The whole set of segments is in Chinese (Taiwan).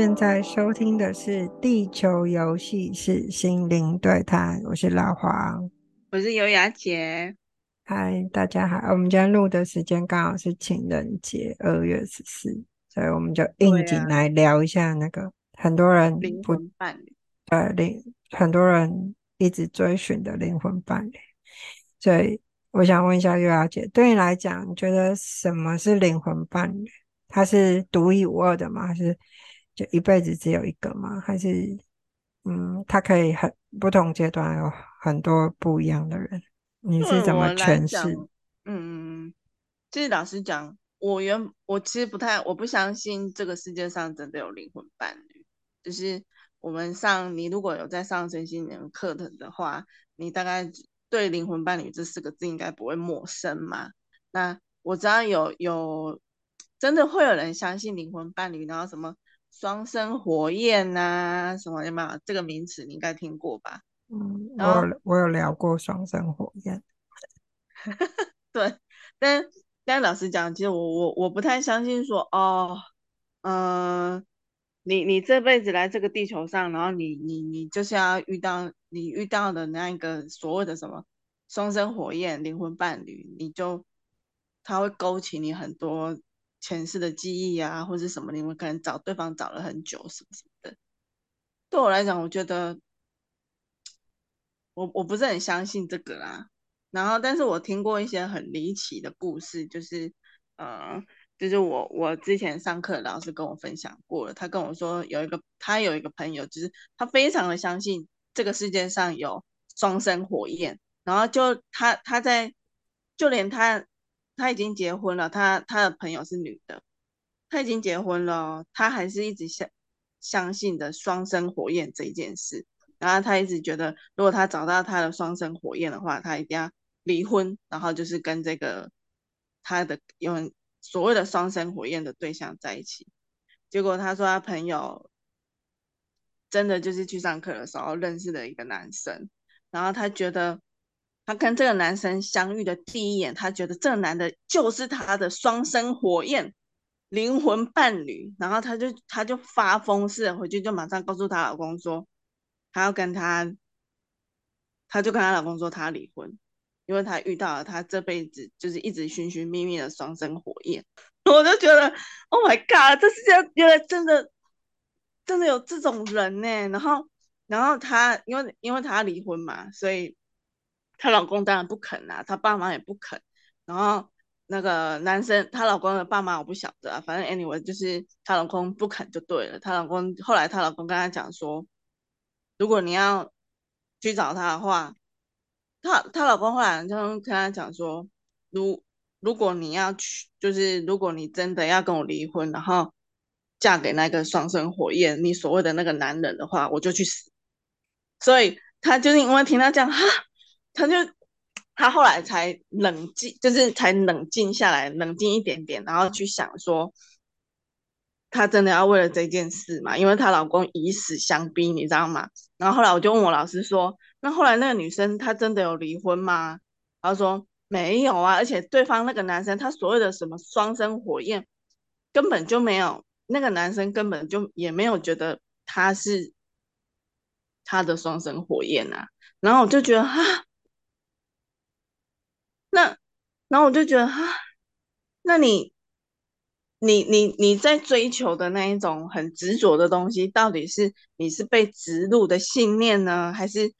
現在收聽的是《地球遊戲室》，是心靈對談。我是老黃，我是優雅姐。嗨，大家好！我們今天錄的時間剛好是情人節，二月十四，所以我們就應景來聊一下那個、啊、很多人靈魂伴侶，對靈很多人一直追尋的靈魂伴侶。所以我想問一下，優雅姐，對你來講，你覺得什麼是靈魂伴侶？他是獨一無二的嗎？還是？就一輩子只有一個嗎？還是，嗯，他可以很不同階段有很多不一樣的人，你是怎麼詮釋？嗯嗯嗯。其實老實講，我原我其實不太我不相信這個世界上真的有靈魂伴侶。就是我們上你如果有在上身心靈課程的話，你大概對靈魂伴侶這四個字應該不會陌生嘛。那我知道有有真的會有人相信靈魂伴侶，然後什麼？雙生火焰吶、啊，什麼的嘛，這個名詞你應該聽過吧？嗯，我有我有聊過雙生火焰， 對。但但老實講，其實我我我不太相信說哦，嗯、呃，你你這輩子來這個地球上，然後你你你就是要遇到你遇到的那一個所謂的什麼雙生火焰靈魂伴侶，你就他會勾起你很多。前世的記憶啊，或者什麼，你們可能找對方找了很久，什麼什麼的。對我來講，我覺得我我不是很相信這個啦。然後，但是我聽過一些很離奇的故事，就是呃，就是我我之前上課老師跟我分享過了，他跟我說有一個他有一個朋友，就是他非常的相信這個世界上有雙生火焰，然後就他他在就連他。他已經結婚了，他他的朋友是女的，他已經結婚了，他還是一直相相信的雙生火焰這一件事，然後他一直覺得，如果他找到他的雙生火焰的話，他一定要離婚，然後就是跟這個他的用所謂的雙生火焰的對象在一起。結果他說他朋友真的就是去上課的時候認識的一個男生，然後他覺得。她跟這個男生相遇的第一眼，她覺得這個男的就是她的雙生火焰、靈魂伴侶，然後她就她就發瘋似的回去，就馬上告訴她老公說，她要跟她，她就跟她老公說她離婚，因為她遇到了她這輩子就是一直尋尋覓覓的雙生火焰。我就覺得，Oh my god，這世界原來真的真的有這種人呢。然後然後她因為因為她要離婚嘛，所以。她老公當然不肯啦，啊，她爸媽也不肯。然後那個男生，她老公的爸媽我不曉得，啊，反正 anyway 就是她老公不肯就對了。她老公後來她老公跟她講說，如果你要去找他的話，她她老公後來就跟他講說，如果如果你要去，就是如果你真的要跟我離婚，然後嫁給那個雙生火焰，你所謂的那個男人的話，我就去死。所以她就是因為聽他講，哈。她就，她後來才冷靜，就是才冷靜下來，冷靜一點點，然後去想說，她真的要為了這件事嘛？因為她老公以死相逼，你知道嗎？然後後來我就問我老師說，那後來那個女生她真的有離婚嗎？然後說沒有啊，而且對方那個男生他所謂的什麼雙生火焰，根本就沒有，那個男生根本就也沒有覺得他是他的雙生火焰啊。然後我就覺得哈。然後我就覺得哈，那你，你你你在追求的那一種很執着的東西，到底是你是被植入的信念呢？還是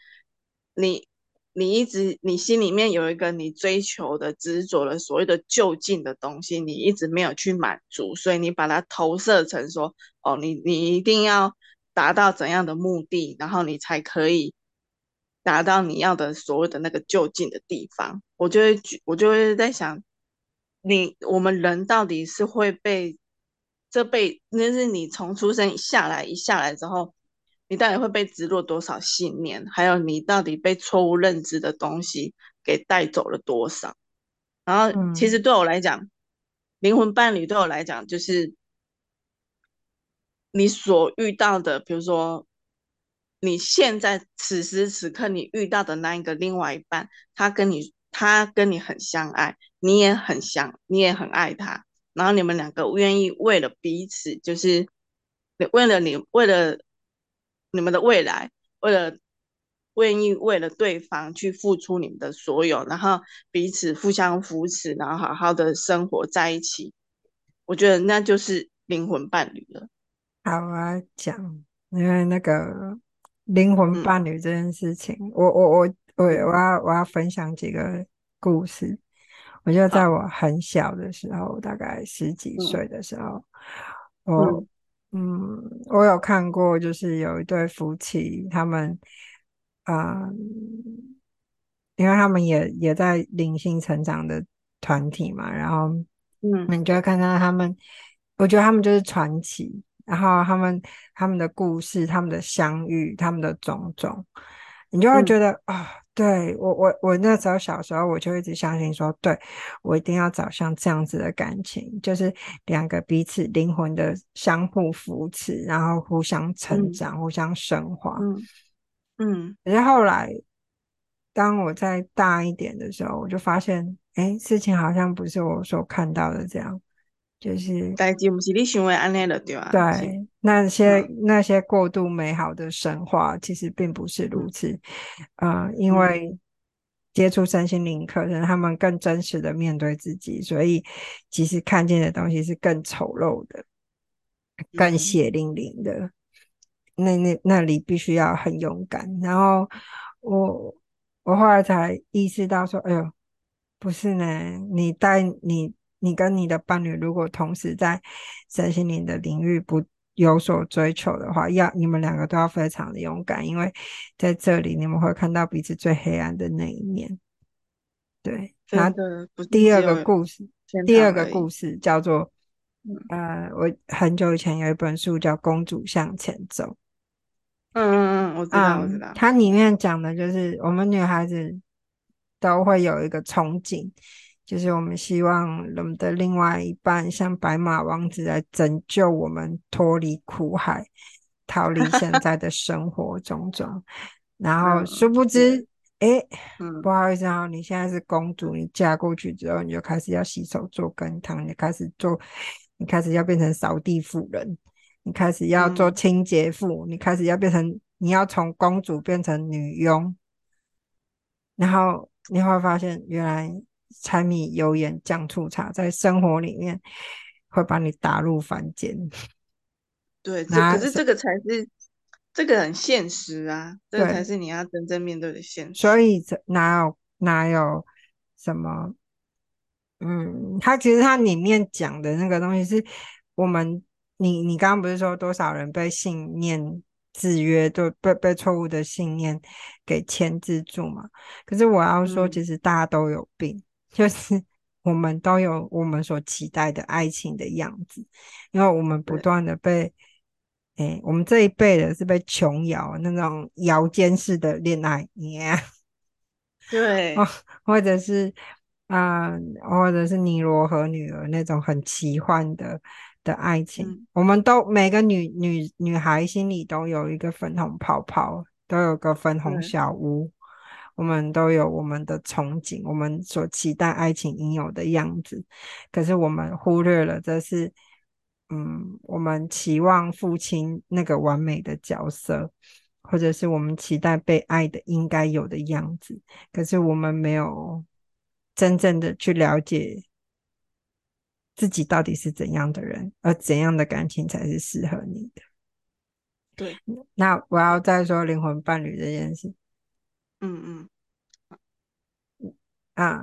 你你一直你心裡面有一個你追求的執着的所謂的就近的東西，你一直沒有去滿足，所以你把它投射成說，哦，你你一定要達到怎樣的目的，然後你才可以。達到你要的所謂的那個就近的地方，我就會，我就會在想，你我們人到底是會被這輩，那、就是你從出生一下來一下來之後，你到底會被植入多少信念，還有你到底被錯誤認知的東西給帶走了多少？然後其實對我來講，嗯、靈魂伴侶對我來講就是你所遇到的，比如說。你現在此時此刻，你遇到的那一個另外一半，他跟你，他跟你很相愛，你也很想，你也很愛他，然後你們兩個願意為了彼此，就是你為了你為了你們的未來，為了願意為了對方去付出你們的所有，然後彼此互相扶持，然後好好的生活在一起，我覺得那就是靈魂伴侶了。好啊，講，因為那個。靈魂伴侶這件事情，嗯、我我我我我要我要分享幾個故事。我覺得在我很小的時候，啊、大概十幾歲的時候，嗯我嗯，我有看過，就是有一對夫妻，他們啊、嗯，因為他們也也在靈性成長的團體嘛，然後嗯，你就要看看他們，嗯、我覺得他們就是傳奇。然後他們他們的故事，他們的相遇，他們的種種，你就會覺得啊、嗯哦，對我我我那時候小時候我就一直相信說，對我一定要找像這樣子的感情，就是兩個彼此靈魂的相互扶持，然後互相成長，嗯、互相升華。嗯。嗯。可是後來，當我再大一點的時候，我就發現，哎，事情好像不是我所看到的這樣。就是，但不是你想的那樣對吧？對，那些、啊、那些過度美好的神話，其實並不是如此啊、嗯呃嗯。因為接觸身心靈課程，他們更真實的面對自己，所以其實看見的東西是更醜陋的，更血淋淋的。嗯、那那那裡必須要很勇敢。然後我我後來才意識到說，哎呦，不是呢，你帶你。你跟你的伴侶，如果同時在身心靈的領域不有所追求的話，要你們兩個都要非常的勇敢，因為在這裡你們會看到彼此最黑暗的那一面。對，然後第二個故事，第二個故事叫做，呃，我很久以前有一本書叫《公主向前走》。嗯嗯嗯，我知道，我知道。嗯，它裡面講的就是我們女孩子都會有一個憧憬。就是我們希望我們的另外一半像白馬王子來拯救我們，脫離苦海，逃離現在的生活種種。 然後殊不知，哎、嗯欸嗯，不好意思，啊，你現在是公主，你嫁過去之後，你就開始要洗手做羹湯，你開始做，你開始要變成掃地婦人，你開始要做清潔婦，嗯、你開始要變成，你要從公主變成女傭。然後你會發現，原來。柴米油鹽醬醋茶，在生活裡面會把你打入凡間。對，可是這個才是，這個很現實啊，這個才是你要真正面對的現實。所以哪有哪有什麼？嗯，他其實他裡面講的那個東西是我們，你你剛剛不是說多少人被信念制約，就被被錯誤的信念給牽制住嘛？可是我要說，其實大家都有病。嗯就是我們都有我們所期待的愛情的樣子，因為我們不斷的被，誒、欸，我們這一輩的是被瓊瑤那種搖肩式的戀愛，yeah，對，或者是啊、呃，或者是尼羅河女兒那種很奇幻的的愛情，嗯，我們都每個女女女孩心裡都有一個粉紅泡泡，都有個粉紅小屋。我們都有我們的憧憬，我們所期待愛情應有的樣子。可是我們忽略了，這是嗯，我們期望父親那個完美的角色，或者是我們期待被愛的應該有的樣子。可是我們沒有真正的去了解自己到底是怎樣的人，而怎樣的感情才是適合你的。對，那我要再說靈魂伴侶這件事。嗯嗯，啊，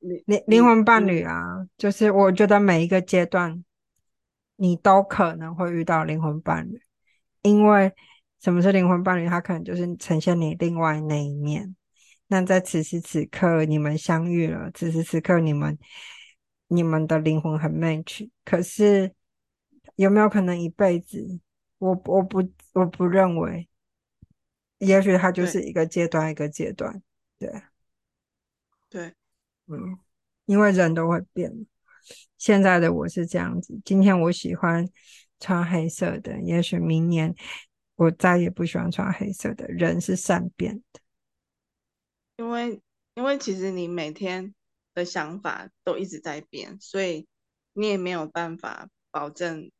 靈靈靈魂伴侶啊，就是我覺得每一個階段，你都可能會遇到靈魂伴侶。因為什麼是靈魂伴侶？它可能就是呈現你另外那一面。那在此時此刻，你們相遇了。此時此刻，你們你們的靈魂很 match。可是有沒有可能一輩子？我我不我不認為。也許它就是一個階段一個階段，對，對，嗯，因為人都會變。現在的我是這樣子，今天我喜歡穿黑色的，也許明年我再也不喜歡穿黑色的。人是善變的，因為因為其實你每天的想法都一直在變，所以你也沒有辦法保證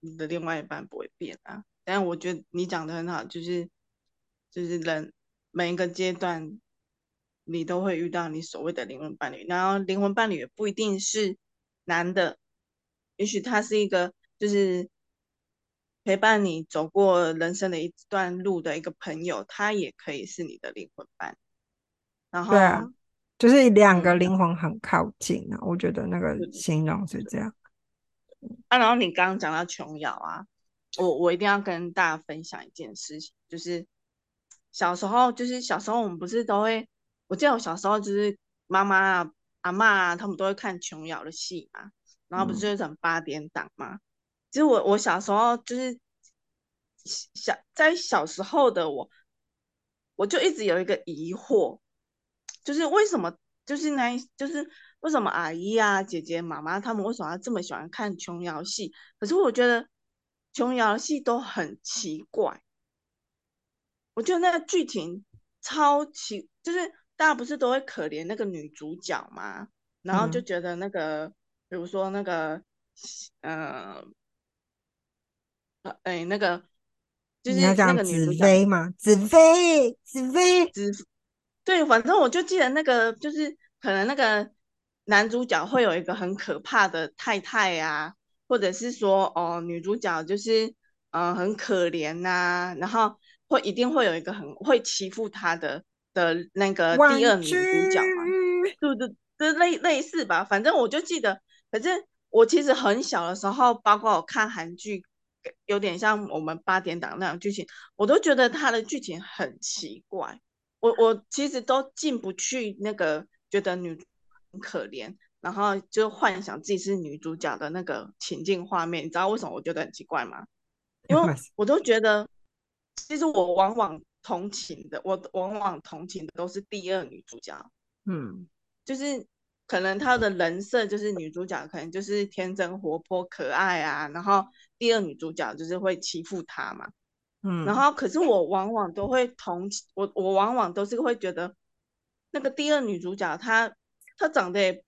你的另外一半不會變啊。但我覺得你講的很好，就是就是人每一個階段你都會遇到你所謂的靈魂伴侶，然後靈魂伴侶也不一定是男的，也許他是一個就是陪伴你走過人生的一段路的一個朋友，他也可以是你的靈魂伴侶。然後，對啊，就是兩個靈魂很靠近啊，嗯，我覺得那個形容是這樣。啊，然後你剛剛講到瓊瑤啊。我我一定要跟大家分享一件事情，就是小時候，就是小時候我們不是都會，我記得我小時候就是媽媽啊、阿嬤啊，他們都會看瓊瑤的戲嘛，然後不是就整八點檔嘛。嗯。其實我我小時候就是小，在小時候的我，我就一直有一個疑惑，就是為什麼就是那，就是為什麼阿姨啊、姐姐、媽媽他們為什麼要這麼喜歡看瓊瑤戲？可是我覺得。瓊瑤戲都很奇怪，我覺得那個劇情超奇，就是大家不是都會可憐那個女主角嗎？然後就覺得那個，嗯、比如說那個，呃，欸、那個就是那個紫薇嘛，紫薇，紫薇，紫，對，反正我就記得那個，就是可能那個男主角會有一個很可怕的太太啊。或者是說哦、呃，女主角就是嗯、呃、很可憐吶、啊，然後會一定會有一個很會欺負她的的那個第二女主角嘛、啊，對不對，這類類似吧。反正我就記得，反正我其實很小的時候，包括我看韓劇，有點像我們八點檔那樣劇情，我都覺得它的劇情很奇怪，我我其實都進不去那個覺得女主角很可憐。然後就幻想自己是女主角的那個情境畫面，你知道為什麼我覺得很奇怪嗎？因為我都覺得，其實我往往同情的，我往往同情的都是第二女主角。嗯，就是可能她的人設就是女主角，可能就是天真活潑可愛啊，然後第二女主角就是會欺負她嘛。嗯，然後可是我往往都會同情，我我往往都是會覺得那個第二女主角她她長得也。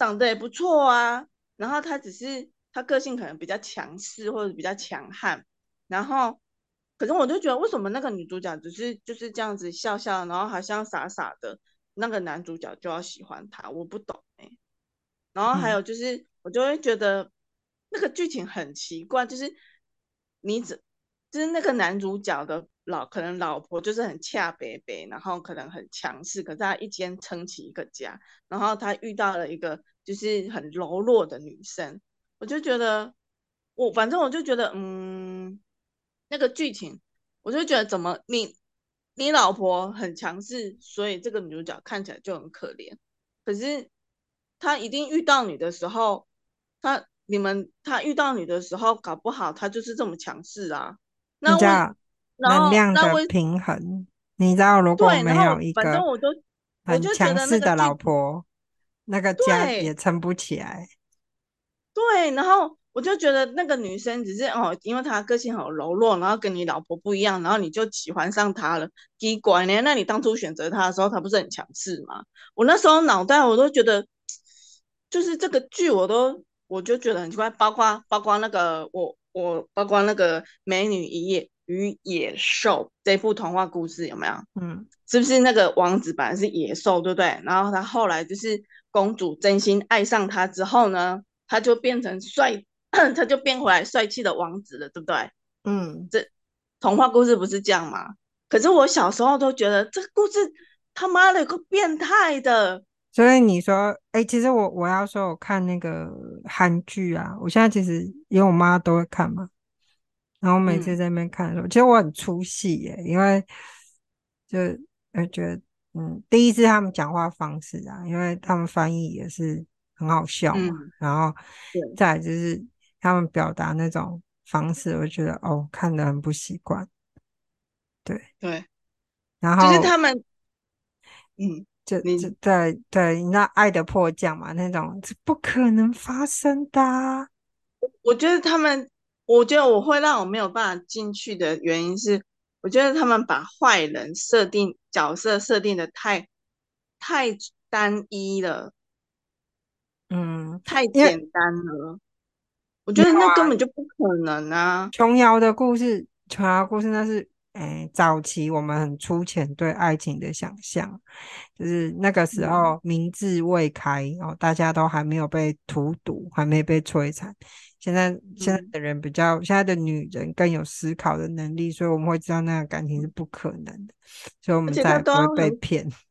長得也不錯啊，然後他只是他個性可能比較強勢或者比較強悍，然後可是我就覺得為什麼那個女主角只是就是這樣子笑笑，然後好像傻傻的，那個男主角就要喜歡她，我不懂哎、欸。然後還有就是、嗯、我就會覺得那個劇情很奇怪，就是你只就是那個男主角的。老可能老婆就是很恰北北，然後可能很強勢，可是她一肩撐起一個家，然後她遇到了一個就是很柔弱的女生，我就覺得，我反正我就覺得，嗯，那個劇情，我就覺得怎麼你你老婆很強勢，所以這個女主角看起來就很可憐，可是她一定遇到你的時候，她你們她遇到你的時候，搞不好她就是這麼強勢啊，那。能量的平衡，你知道，如果沒有一個很強勢的老婆，那個那個家也撐不起來對。對，然後我就覺得那個女生只是哦，因為她個性很柔弱，然後跟你老婆不一樣，然後你就喜歡上她了，奇怪呢。那你當初選擇她的時候，她不是很強勢嗎？我那時候腦袋我都覺得，就是這個劇我都我就覺得很奇怪，包括包括那個我我包括那個美女一夜。與野獸這部童話故事有沒有？嗯，是不是那個王子本來是野獸，對不對？然後他後來就是公主真心愛上他之後呢，他就變成帥， 他就變回來帥氣的王子了，對不對？嗯，嗯這童話故事不是這樣嗎？可是我小時候都覺得這個故事他媽的夠變態的。所以你說，哎、欸，其實我我要說，我看那個韓劇啊，我現在其實因為我媽都會看嘛。然後每次在那邊看的時候，其實我很出戲耶、欸，因為就我覺得，嗯，第一次他們講話方式啊，因為他們翻譯也是很好笑嘛，嗯、然後再就是他們表達那種方式，我覺得哦，看得很不習慣。對對，然後就是他們，嗯，就你就在對，那《愛的迫降》嘛，那種是不可能發生的、啊。我我覺得他們。我覺得我會讓我沒有辦法進去的原因是，我覺得他們把壞人設定角色設定的太太單一了，嗯，太簡單了。我覺得那根本就不可能啊！瓊瑤的故事，瓊瑤故事那是。哎、嗯，早期我們很粗淺對愛情的想象就是那個時候民智未開，嗯、哦，大家都還沒有被荼毒，還沒被摧殘。現在現在的人比較、嗯，現在的女人更有思考的能力，所以我們會知道那樣感情，是不可能的，所以我們再也不會被騙，啊嗯。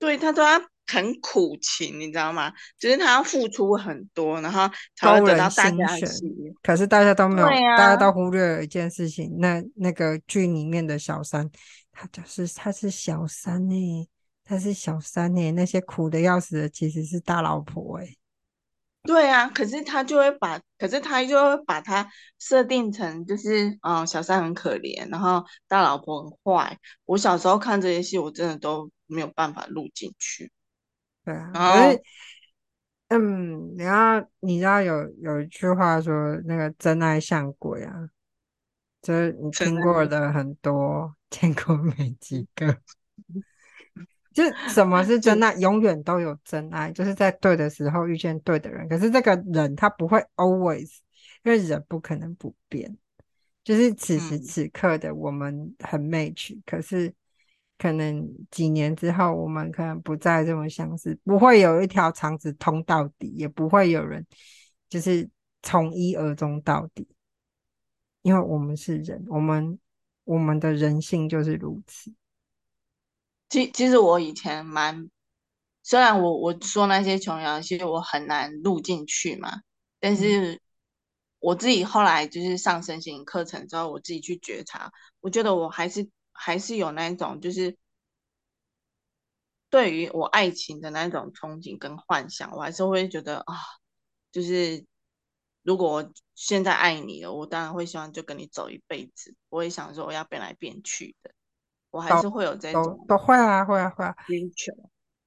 對，他都、啊。很苦情，你知道嗎？就是他要付出很多，然後才會得到大家的喜歡、啊、可是大家都沒有，大家都忽略了一件事情。那那個劇裡面的小三，他就是他是小三哎，他是小三哎。那些苦得要死的其實是大老婆哎。對啊，可是他就會把，可是他就會把他設定成就是，嗯，小三很可憐，然後大老婆很壞。我小時候看這些戲，我真的都沒有辦法錄進去。對啊，所、oh. 以嗯，然後你知道有有一句話說，那個真愛像鬼啊，就是你聽過的很多的，見過沒幾個。 就什麼是真愛？ 永遠都有真愛，就是在對的時候遇見對的人。可是這個人他不會 always，因為人不可能不變。就是此時此刻的我們很 match、嗯、可是。可能幾年之後，我們可能不再這麼相似，不會有一條腸子通到底，也不會有人就是從一而終到底，因為我們是人，我們我們的人性就是如此。其實其實我以前蠻，雖然我我說那些瓊瑤其實我很難入進去嘛，但是我自己後來就是上身心課程之後，我自己去覺察，我覺得我還是。還是有那一種，就是對於我愛情的那一種憧憬跟幻想，我還是會覺得啊，就是如果我現在愛你了，我當然會希望就跟你走一輩子。我也想說，我要變來變去的，我還是會有這種都，都會啊，會啊，會啊，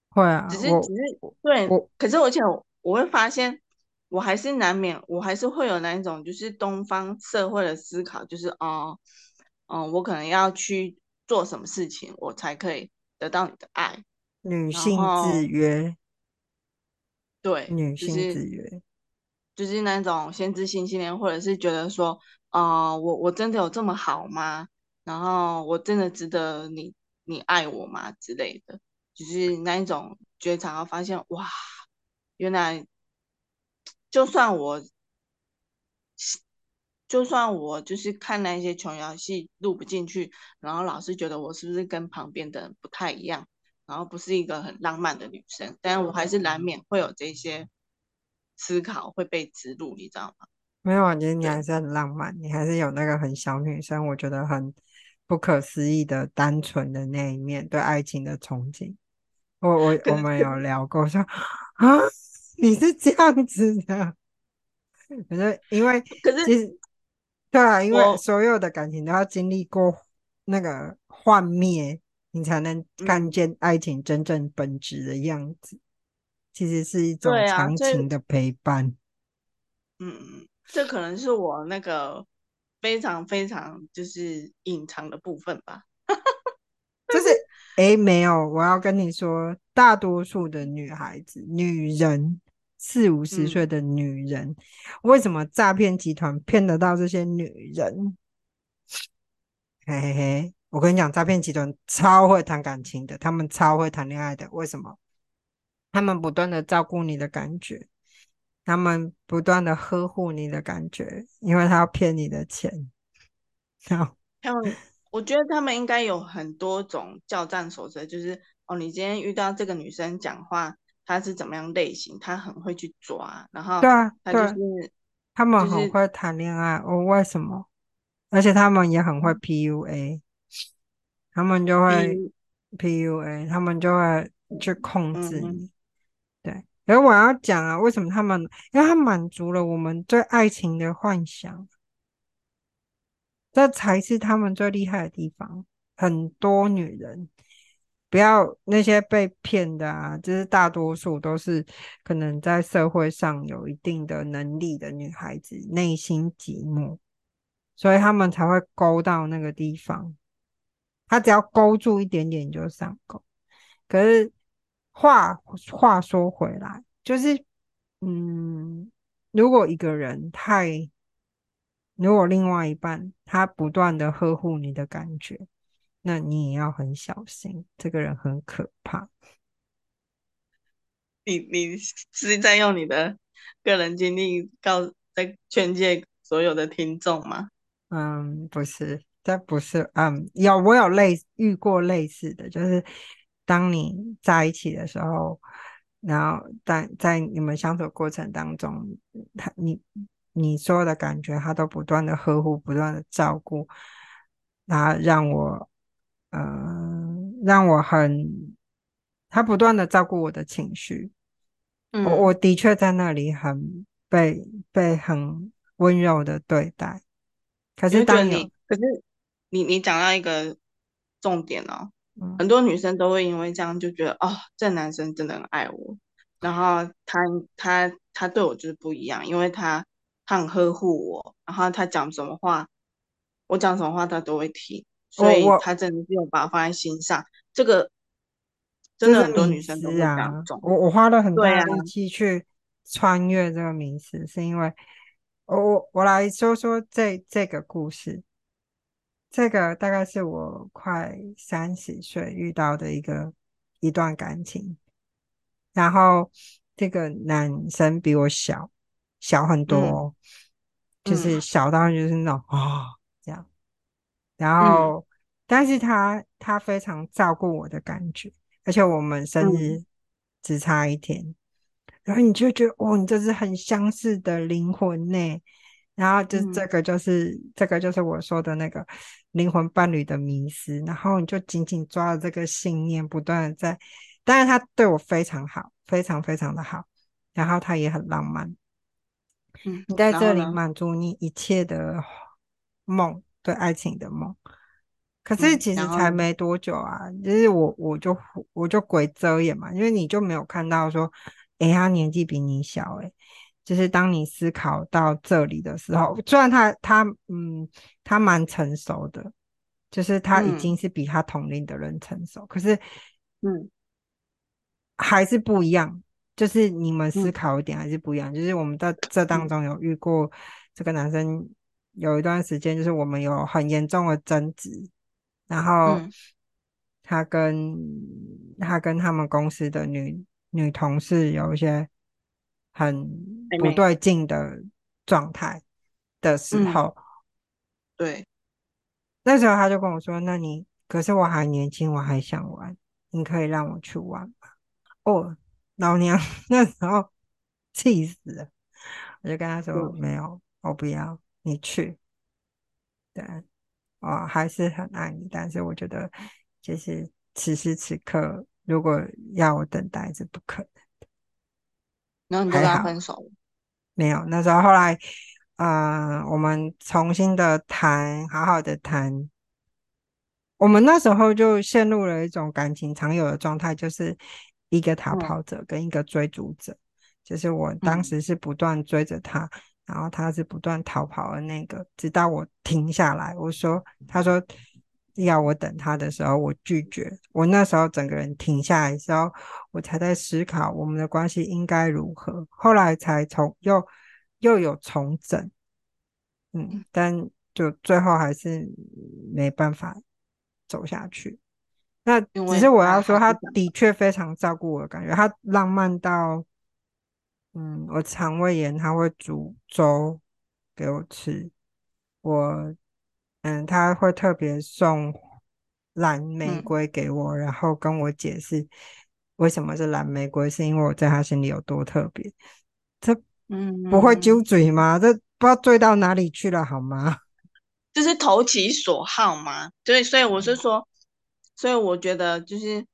會啊，只是只是對我，可是而且我，我會發現，我還是難免，我還是會有那一種，就是東方社會的思考，就是哦。啊嗯，我可能要去做什麼事情，我才可以得到你的愛？女性制約，對，女性制約、就是、就是那種先知性信念或者是覺得說，啊、呃，我我真的有這麼好嗎？然後我真的值得你，你愛我嗎？之類的，就是那一種覺察，發現哇，原來就算我就算我就是看那些瓊瑤戲錄不進去，然後老是覺得我是不是跟旁邊的人不太一樣，然後不是一個很浪漫的女生，但我還是難免會有這些思考會被植入，你知道嗎？沒有，啊，我覺得你還是很浪漫，你還是有那個很小女生，我覺得很不可思議的單純的那一面，對愛情的憧憬。我我 我們有聊過說啊，你是這樣子的，可是因為可是。對啊，因為所有的感情都要經歷過那個幻滅，你才能看見愛情真正本質的樣子，其實是一種長情的陪伴。啊、嗯，這可能是我那個非常非常就是隱藏的部分吧。 就是哎，沒有，我要跟你說，大多數的女孩子、女人。四五十歲的女人，嗯、為什麼詐騙集團騙得到這些女人？嘿嘿，嘿，我跟你講，詐騙集團超會談感情的，他們超會談戀愛的。為什麼？他們不斷的照顧你的感覺，他們不斷的呵護你的感覺，因為他要騙你的錢。好、no，還有，我覺得他們應該有很多種交戰守則，就是哦，你今天遇到這個女生講話。他是怎麼樣類型？他很會去抓，然後、就是、對啊，他、就是、他們很會談戀愛、就是、哦。為什麼？而且他們也很會 PUA，他們就會、P. PUA，他們就會去控制你、嗯嗯。對，然後我要講啊，為什麼他們？因為他滿足了我們對愛情的幻想，這才是他們最厲害的地方。很多女人。不要那些被騙的啊，就是大多數都是可能在社會上有一定的能力的女孩子內心寂寞，所以他們才會勾到那個地方。他只要勾住一點點就上鈎。可是話話說回來，就是嗯，如果一個人太，如果另外一半他不斷的呵護你的感覺。那你也要很小心，這個人很可怕。你你是在用你的個人經歷告在勸誡所有的聽眾嗎？嗯，不是，這不是。嗯，有我有類遇過類似的就是，當你在一起的時候，然後在在你們相處的過程當中，他你你所有的感覺，他都不斷的呵護，不斷的照顧，然後讓我。嗯、呃，讓我很，他不斷的照顧我的情緒、嗯，我我的確在那裡很被被很溫柔的對待。可是當你，可是你你講到一個重點哦、嗯，很多女生都會因為這樣就覺得哦，這男生真的很愛我，然後他他他對我就是不一樣，因為他他很呵護我，然後他講什麼話，我講什麼話，他都會聽。所以，他真的是有把它放在心上。這個真的很多女生都這是這樣、啊。我我花了很多力氣去穿越這個名詞、啊，是因為我我我來說說這這個故事。這個大概是我快三十歲遇到的一個一段感情。然後這個男生比我小小很多、哦、嗯，就是小到就是那種啊、嗯哦、這樣，然後。嗯但是他他非常照顧我的感覺，而且我們生日只差一天，嗯、然後你就覺得哦，你這是很相似的靈魂呢。然後就是這個，就是、嗯、這個，就是我說的那個靈魂伴侶的迷思。然後你就緊緊抓着這個信念，不斷的在。但是他對我非常好，非常非常的好。然後他也很浪漫，嗯、你在這裡滿足你一切的夢，對愛情的夢。可是其實才沒多久啊，嗯、就是我我就我就鬼遮眼嘛，因為你就沒有看到說，誒、欸、他年紀比你小，欸，誒就是當你思考到這裡的時候，嗯、雖然他他嗯他蠻成熟的，就是他已經是比他同齡的人成熟，嗯、可是嗯還是不一樣，就是你們思考一點還是不一樣，嗯、就是我們在這當中有遇過這個男生，有一段時間就是我們有很嚴重的爭執。然後、嗯、他跟他跟他們公司的女女同事有一些很不對勁的狀態的時候、嗯，對，那時候他就跟我說：“那你，可是我還年輕，我還想玩，你可以讓我去玩吧。哦、oh，老娘、嗯、 那時候氣死了，我就跟他說：“嗯、沒有，我不要你去。”對。我還是很愛你，但是我覺得，就是此時此刻，如果要我等待是不可能的。然後你就跟他分手了？沒有，那時候後來，啊、呃，我們重新的談，好好的談。我們那時候就陷入了一種感情常有的狀態，就是一個逃跑者跟一個追逐者，嗯、就是我當時是不斷追着他。嗯嗯然後他是不斷逃跑的那個，直到我停下來。我說：“他說要我等他的時候，我拒絕。我那時候整個人停下來之後，我才在思考我們的關係應該如何。後來才從又又有重整，嗯，但就最後還是沒辦法走下去。那只是我要說，他的確非常照顧我的感覺，他浪漫到。”嗯，我腸胃炎，他會煮粥給我吃。我，嗯，他會特別送藍玫瑰給我、嗯，然後跟我解釋為什麼是藍玫瑰，是因為我在他心裡有多特別。這不會揪嘴嗎、嗯？這不知道追到哪裡去了，好嗎？就是投其所好嘛。對，所以我是說，嗯、所以我覺得就是。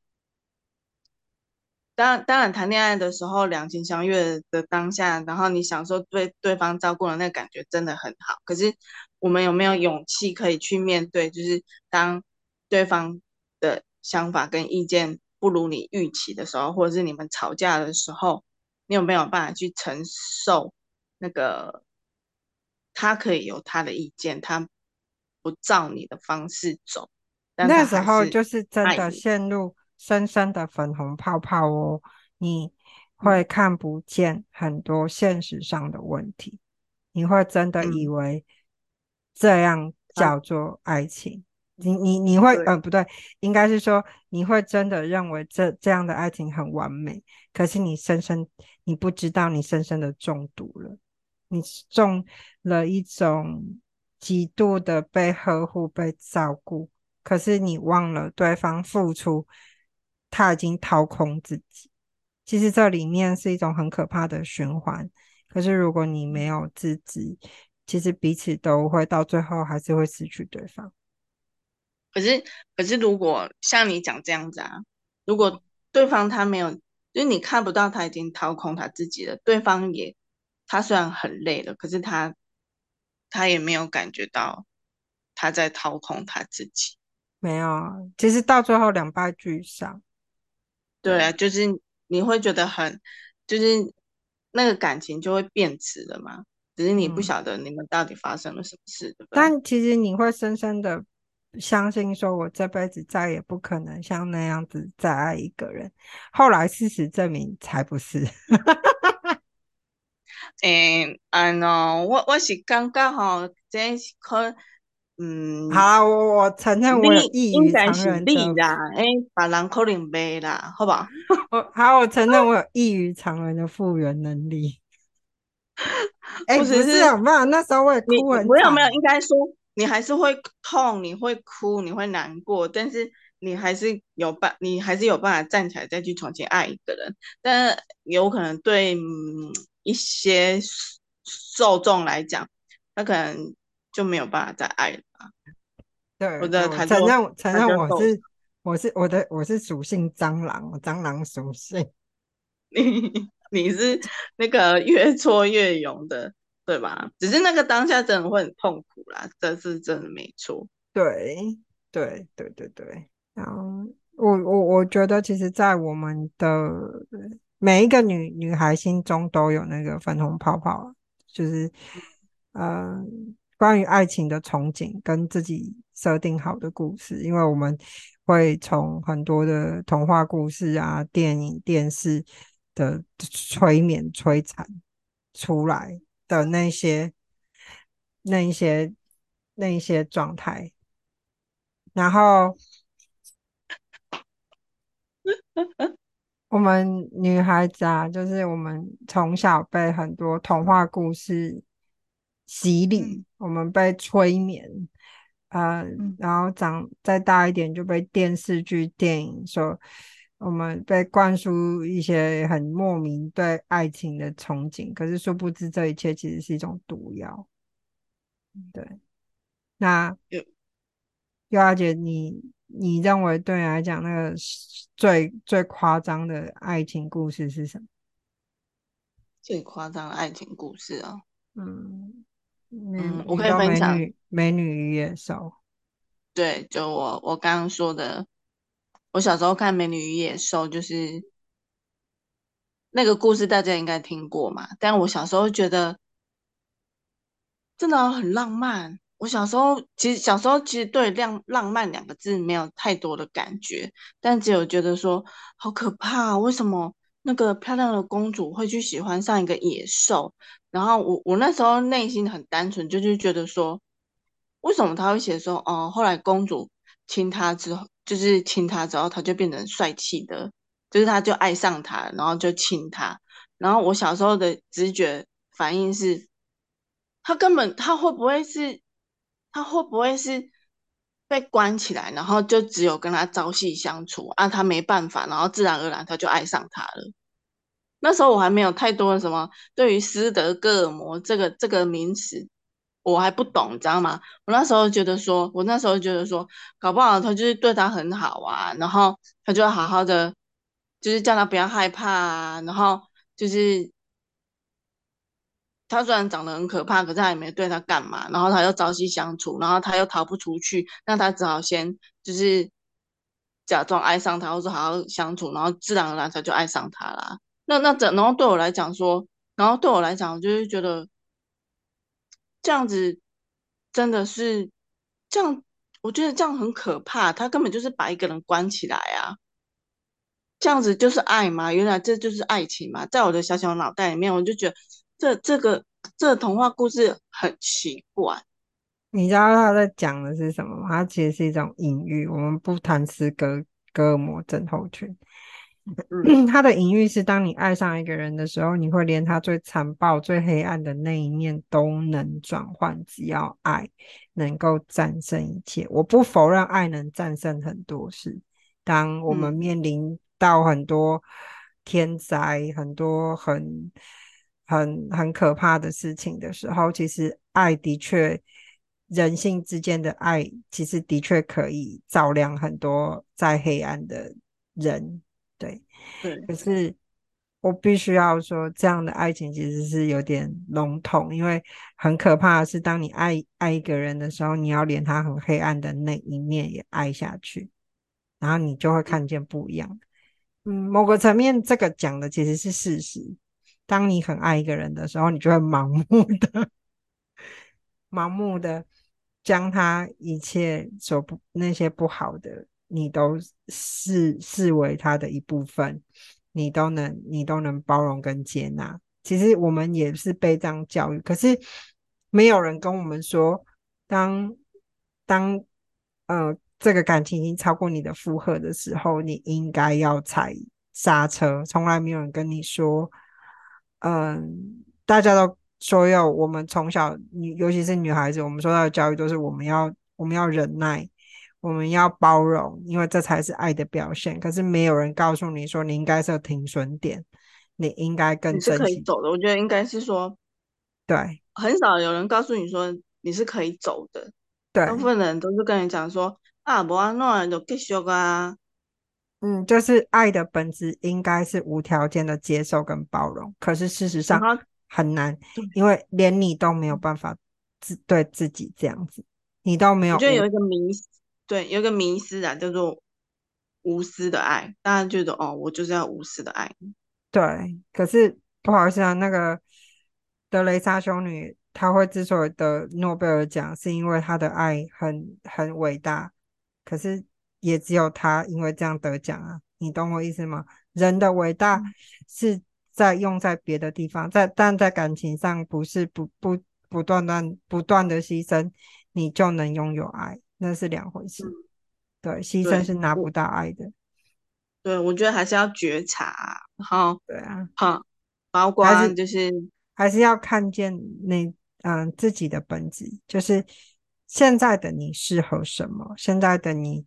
當當然談戀愛的時候，兩情相悅的當下，然後你想說對對方照顧的那個感覺真的很好。可是我們有沒有勇氣可以去面對？就是當對方的想法跟意見不如你預期的時候，或者是你們吵架的時候，你有沒有辦法去承受那個他可以有他的意見，他不照你的方式走？那時候就是真的陷入。深深的粉紅泡泡哦，你會看不見很多現實上的問題，你會真的以為這樣叫做愛情？嗯、你你你會呃不對，應該是說你會真的認為這這樣的愛情很完美。可是你深深你不知道，你深深的中毒了，你中了一種極度的被呵護、被照顧，可是你忘了對方付出，他已經掏空自己，其實這裡面是一種很可怕的循環。可是如果你沒有自己，其實彼此都會到最後還是會失去對方。可是，可是如果像你講這樣子啊，如果對方他沒有，就是你看不到他已經掏空他自己了。對方也他雖然很累了，可是他他也沒有感覺到他在掏空他自己。沒有，其實到最後兩敗俱傷。對啊，就是你會覺得很，就是那個感情就會變質了嘛。只是你不曉得你們到底發生了什麼事。嗯、但其實你會深深的相信，說我這輩子再也不可能像那樣子再愛一個人。後來事實證明才不是。 誒，I know，我我是剛剛好這是嗯，好、啊，我我承認我有異於常人啦，哎，把藍可領背啦，好不好？好，我承認我有異於常人的復、欸 啊、原能力。哎、 欸，不是、啊，好 不那時候我也哭很。沒有沒有，應該說，應該說你還是會痛，你會哭，你會難過，但是你還是有辦，你還是有辦法站起來再去重新愛一個人。但是有可能對、嗯、一些受眾來講，他可能。就沒有辦法再愛了啊。對，我的承認承認我是我是我的我是屬性蟑螂，我蟑螂屬性。 你你是那個越挫越勇的，對吧？只是那個當下真的會很痛苦啦，這是真的沒錯。對對對對對。然後我我我覺得，其實，在我們的每一個女女孩心中，都有那個粉紅泡泡，就是嗯。呃關於愛情的憧憬，跟自己設定好的故事，因為我們會從很多的童話故事啊、電影、電視的催眠催產出來的那些、那一些、那一些狀態，然後， 我們女孩子啊，就是我們從小被很多童話故事。洗禮、嗯，我們被催眠，呃，嗯、然後長再大一點就被電視劇、電影說我們被灌輸一些很莫名對愛情的憧憬，可是殊不知這一切其實是一種毒藥。對，那優雅、嗯、姐，你你認為對你來講那個最最誇張的愛情故事是什麼？最誇張的愛情故事啊，嗯。嗯，嗯，我可以分享《美女，美女與野獸》。對，就我我剛剛說的，我小時候看《美女與野獸》，就是那個故事，大家應該聽過嘛。但我小時候覺得真的很浪漫。我小時候其實小時候其實對“浪浪漫”兩個字沒有太多的感覺，但只有覺得說好可怕，為什麼？那個漂亮的公主會去喜歡上一個野獸，然後我我那時候內心很單純，就是覺得說，為什麼他會寫說，哦，後來公主親他之後，就是親他之後，他就變成帥氣的，就是他就愛上他，然後就親他，然後我小時候的直覺反應是，他根本他會不會是，他會不會是？被關起來，然後就只有跟他朝夕相處啊，他沒辦法，然後自然而然他就愛上他了。那時候我還沒有太多的什麼，對於斯德哥爾摩這個這個名詞，我還不懂，你知道嗎？我那時候覺得說，我那時候覺得說，搞不好他就是對他很好啊，然後他就好好的，就是叫他不要害怕啊，然後就是。他雖然長得很可怕，可是他也沒對他幹嘛。然後他又朝夕相處，然後他又逃不出去，那他只好先就是假裝愛上他，或者好好相處，然後自然而然他就愛上他啦。那那這，然後對我來講說，然後對我來講，我就是覺得這樣子真的是這樣，我覺得這樣很可怕。他根本就是把一個人關起來啊，這樣子就是愛嘛，原來這就是愛情嘛。在我的小小腦袋裡面，我就覺得。這這個這童話故事很奇怪，你知道他在講的是什麼嗎？它其實是一種隱喻。我們不談斯德哥爾摩症候群、嗯、他的隱喻是：當你愛上一個人的時候，你會連他最殘暴、最黑暗的那一面都能轉換。只要愛能夠戰勝一切，我不否認愛能戰勝很多事。當我們面臨到很多天災，嗯、很多很。很很可怕的事情的時候，其實愛的確，人性之間的愛，其實的確可以照亮很多在黑暗的人。對，對。可是我必須要說，這樣的愛情其實是有點籠統，因為很可怕的是，當你愛愛一個人的時候，你要連他很黑暗的那一面也愛下去，然後你就會看見不一樣。嗯，某個層面，這個講的其實是事實。當你很愛一個人的時候，你就會盲目的、盲目的將他一切所不，那些不好的，你都視視為他的一部分，你都能你都能包容跟接納。其實我們也是被這樣教育，可是沒有人跟我們說，當當呃這個感情已經超過你的負荷的時候，你應該要踩剎車。從來沒有人跟你說。嗯、呃，大家都所有。我們從小，女尤其是女孩子，我們受到的教育都是我們要我們要忍耐，我們要包容，因為這才是愛的表現。可是沒有人告訴你說你應該是有停損點，你應該更你是可以走的。我覺得應該是說，對，很少有人告訴你說你是可以走的。對，大部分人都是跟你講說啊，不要弄啊，就繼續啊。嗯，就是愛的本質應該是無條件的接受跟包容，可是事實上很難，嗯、因為連你都沒有辦法自對自己這樣子，你都沒有。我覺得有一個迷，對，有一個迷思啊，叫做無私的愛，大家覺得哦，我就是要無私的愛。對，可是不好意思啊，那個德雷莎修女，她會之所以得諾貝爾獎，是因為她的愛很很偉大，可是。也只有他因為這樣得獎啊，你懂我意思嗎？人的偉大是在用在別的地方，在但在感情上不是不不不斷斷不斷的犧牲，你就能擁有愛，那是兩回事。嗯、對，犧牲是拿不到愛的。對，我覺得還是要覺察，好，對啊，好，包括是就是還是要看見那嗯、呃、自己的本質，就是現在的你適合什麼，現在的你，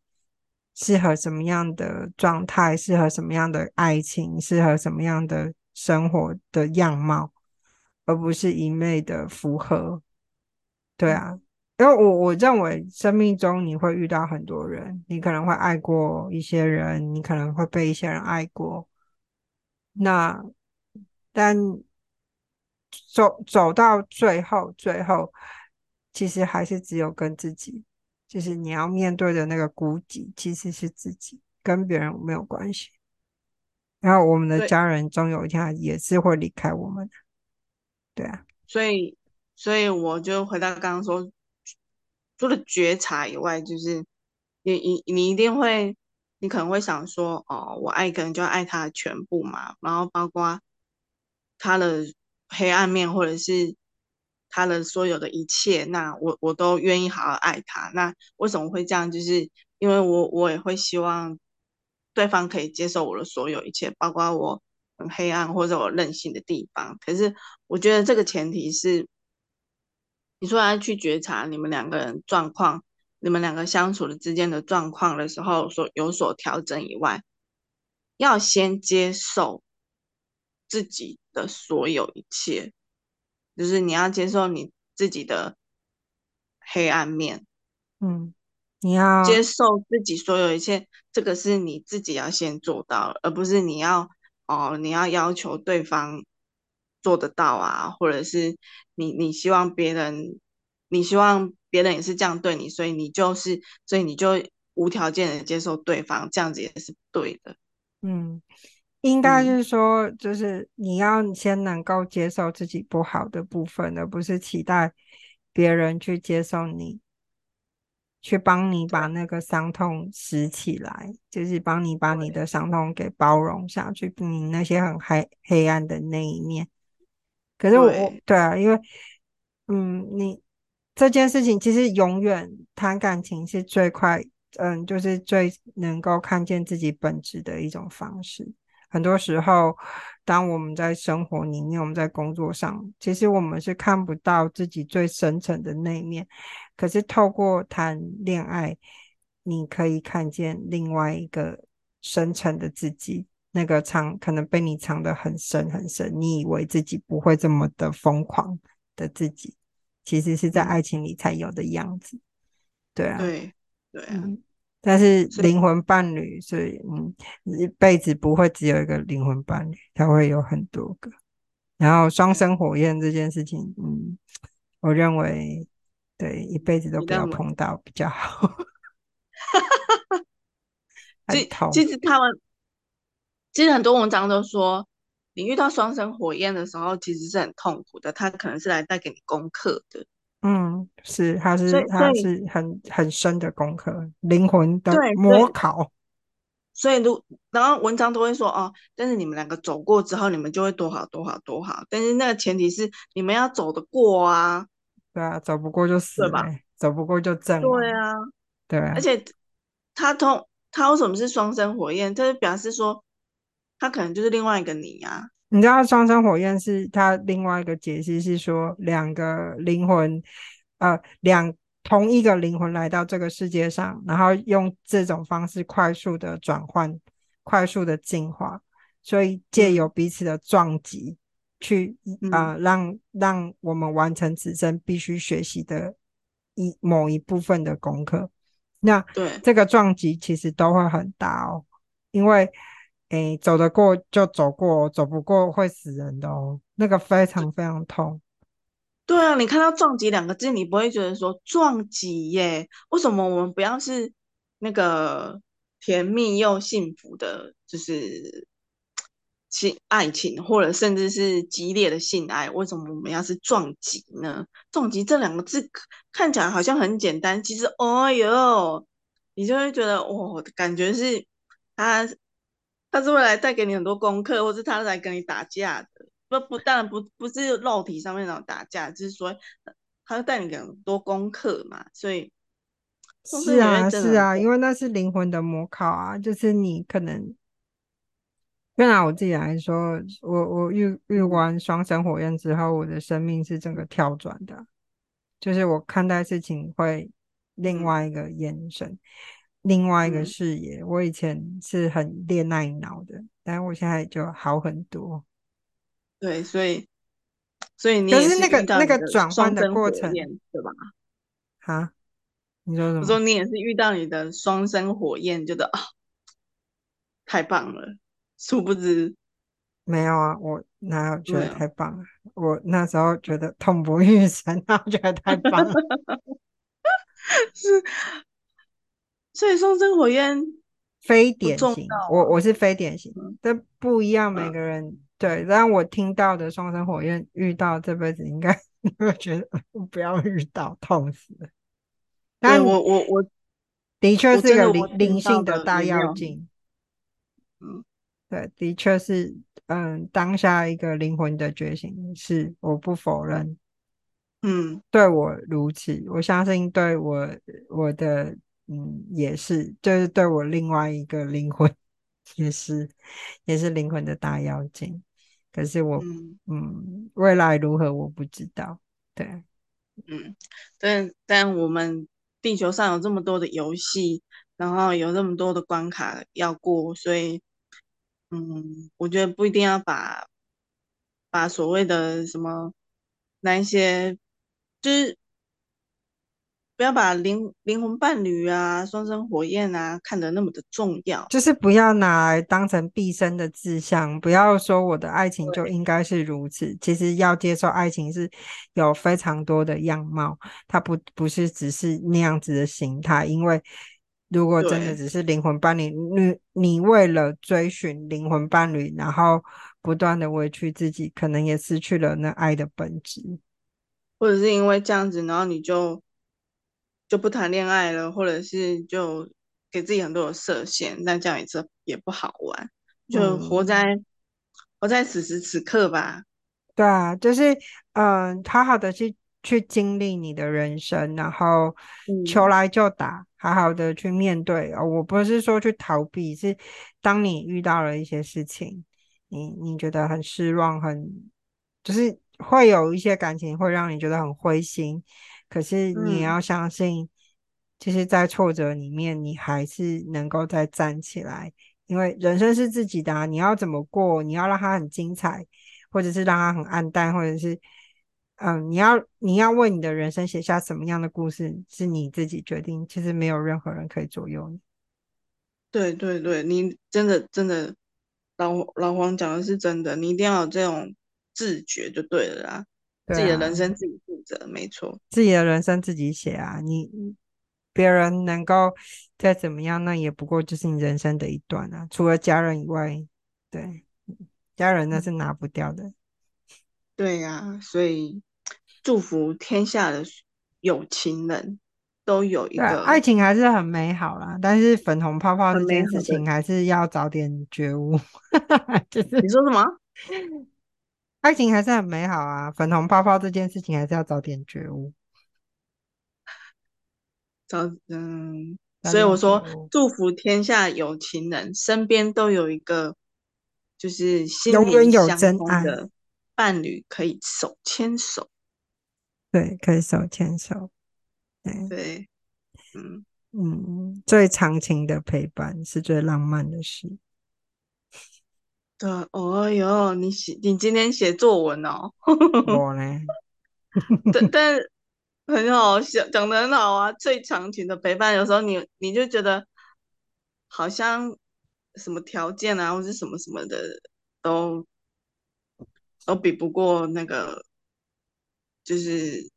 適合什麼樣的狀態，適合什麼樣的愛情，適合什麼樣的生活的樣貌，而不是一味的符合。對啊，因為我我認為生命中你會遇到很多人，你可能會愛過一些人，你可能會被一些人愛過。那但走走到最後，最後其實還是只有跟自己。就是你要面對的那個孤寂，其實是自己，跟別人沒有關係。然後我們的家人終有一天也是會離開我們的，對，對啊。所以，所以我就回到剛剛說，除了覺察以外，就是你一你一定會，你可能會想說，哦，我愛一個人就愛他的全部嘛，然後包括他的黑暗面或者是。他的所有的一切，那我我都願意好好愛他。那為什麼會這樣？就是因為我我也會希望對方可以接受我的所有一切，包括我很黑暗或者我任性的地方。可是我覺得這個前提是，你說要去覺察你們兩個人狀況、你們兩個相處的之間的狀況的時候，所有所調整以外，要先接受自己的所有一切。就是你要接受你自己的黑暗面，嗯，你要接受自己所有一切，這個是你自己要先做到，而不是你要哦，你要要求對方做得到啊，或者是你你希望別人，你希望別人也是這樣對你，所以你就是，所以你就無條件的接受對方，這樣子也是對的，嗯。應該是說，就是你要先能夠接受自己不好的部分，而不是期待別人去接受你，去幫你把那個傷痛拾起來，就是幫你把你的傷痛給包容下去，你那些很黑黑暗的那一面。可是我對啊，因為嗯，你這件事情其實永遠談感情是最快，嗯，就是最能夠看見自己本質的一種方式。很多時候，當我們在生活裡面，我們在工作上，其實我們是看不到自己最深層的那一面。可是透過談戀愛，你可以看見另外一個深層的自己，那個藏可能被你藏得很深很深。你以為自己不會這麼的瘋狂的自己，其實是在愛情裡才有的樣子。對啊，對，對啊。嗯但是靈魂伴侶，所以嗯，一輩子不會只有一個靈魂伴侶，他會有很多個。然後雙生火焰這件事情，嗯，我認為對，一輩子都不要碰到比較好。哈哈哈哈哈。最討，其實他們其實很多文章都說，你遇到雙生火焰的時候，其實是很痛苦的。他可能是來帶給你功課的。嗯，是，它是它是很很深的功課，靈魂的魔考。所以如然後文章都會說哦，但是你們兩個走過之後，你們就會多好多好多好。但是那個前提是你們要走得過啊。對啊，走不過就死，欸，吧，走不過就正了。對啊，對啊。而且他通他為什麼是雙生火焰？他就表示說，他可能就是另外一個你啊。你知道雙生火焰是它，另外一個解釋，是說兩個靈魂，呃，兩同一個靈魂來到這個世界上，然後用這種方式快速的轉換，快速的進化，所以借由彼此的撞擊，嗯、去啊、呃、讓讓我們完成此生必須學習的一某一部分的功課。那對這個撞擊其實都會很大哦，因為。哎、欸，走得過就走過，走不過會死人的哦。那個非常非常痛。對啊，你看到“撞擊”兩個字，你不會覺得說“撞擊”耶？為什麼我們不要是那個甜蜜又幸福的，就是性愛情，或者甚至是激烈的性愛？為什麼我們要是撞擊呢？“撞擊”這兩個字看起來好像很簡單，其實哦喲、哎，你就會覺得哦，感覺是它。他是會來帶給你很多功課，或是他是來跟你打架的。不，不但不、不是肉體上面那種打架，就是說，他會帶你很多功課嘛。所以，是啊，是啊，因為那是靈魂的模考啊。就是你可能，就拿我自己來說，我我遇、遇完雙生火焰之後，我的生命是整個跳轉的，就是我看待事情會另外一個眼神。嗯另外一個視野，嗯、我以前是很戀愛腦的，但我現在就好很多。對，所以所以你也是那個是那個轉換的過程，對吧？哈，你說什麼？我說你也是遇到你的雙生火焰，覺得、啊、太棒了。殊不知，沒有啊，我哪有覺得太棒？我那時候覺得痛不欲生，我覺得太棒了。 是。所以雙生火焰、啊、非典型，啊、我我是非典型，嗯、這不一樣。每個人、嗯、對，但我聽到的雙生火焰，遇到這輩子應該覺得、嗯、 不要遇到，痛死了。但我我我的確是有靈靈性的大妖精，嗯，對，的確是，嗯，當下一個靈魂的覺醒，是我不否認。嗯，對我如此，我相信對我我的。嗯，也是，就是對我另外一個靈魂，也是，也是靈魂的大妖精。可是我，嗯，嗯，未來如何我不知道。對，嗯，但但我們地球上有這麼多的遊戲，然後有那麼多的關卡要過，所以，嗯，我覺得不一定要把把所謂的什麼，那一些，就是。不要把靈靈魂伴侶啊、雙生火焰啊看得那麼的重要，就是不要拿來當成畢生的志向。不要說我的愛情就應該是如此。其實要接受愛情是有非常多的樣貌，它不不是只是那樣子的形態。因為如果真的只是靈魂伴侶，你你為了追尋靈魂伴侶，然後不斷的委屈自己，可能也失去了那愛的本質，或者是因為這樣子，然後你就。就不談戀愛了，或者是就給自己很多的設限，但這樣也也不好玩。就活在、嗯、活在此時此刻吧。對啊，就是嗯，好好的去去經歷你的人生，然後、嗯、球來就打，好好的去面對。我不是說去逃避，是當你遇到了一些事情，你你覺得很失望，很就是會有一些感情會讓你覺得很灰心。可是你要相信、嗯，就是在挫折裡面，你還是能夠再站起來。因為人生是自己的、啊，你要怎麼過，你要讓它很精彩，或者是讓它很暗淡，或者是嗯，你要你要為你的人生寫下什麼樣的故事，是你自己決定。其實沒有任何人可以左右你。對對對，你真的真的，老老黃講的是真的，你一定要有這種自覺就對了啦。自己的人生自己負責，沒錯。自己的人生自己寫啊，你別人能夠再怎麼樣，那也不過就是你人生的一段啊。除了家人以外，對家人那是拿不掉的。對呀、啊，所以祝福天下的有情人都有一個愛情還是很美好啦。但是粉紅泡泡這件事情還是要早點覺悟。 你說什麼？ 愛情還是很美好啊，粉紅泡泡這件事情還是要早點覺悟。早嗯，所以我說，祝福天下有情人，身邊都有一個就是心裡有真愛的伴侶，可以手牽手。對，可以手牽手。對對，嗯嗯，最長情的陪伴是最浪漫的事。對，哦喲，你寫你今天寫作文哦， 我呢？ 但但很好，講講得很好啊。最長情的陪伴，有時候你你就覺得好像什麼條件啊，或是什麼什麼的，都都比不過那個，就是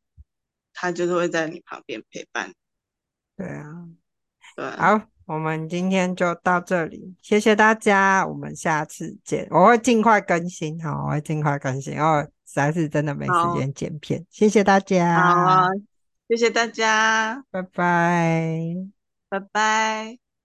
他就是會在你旁邊陪伴。對啊，對，好。我們今天就到這裡，謝謝大家，我們下次見。我會盡快更新，哈，哦，我會盡快更新，哦，因為實在是真的沒時間剪片。謝謝大家，好，謝謝大家，拜拜，拜拜。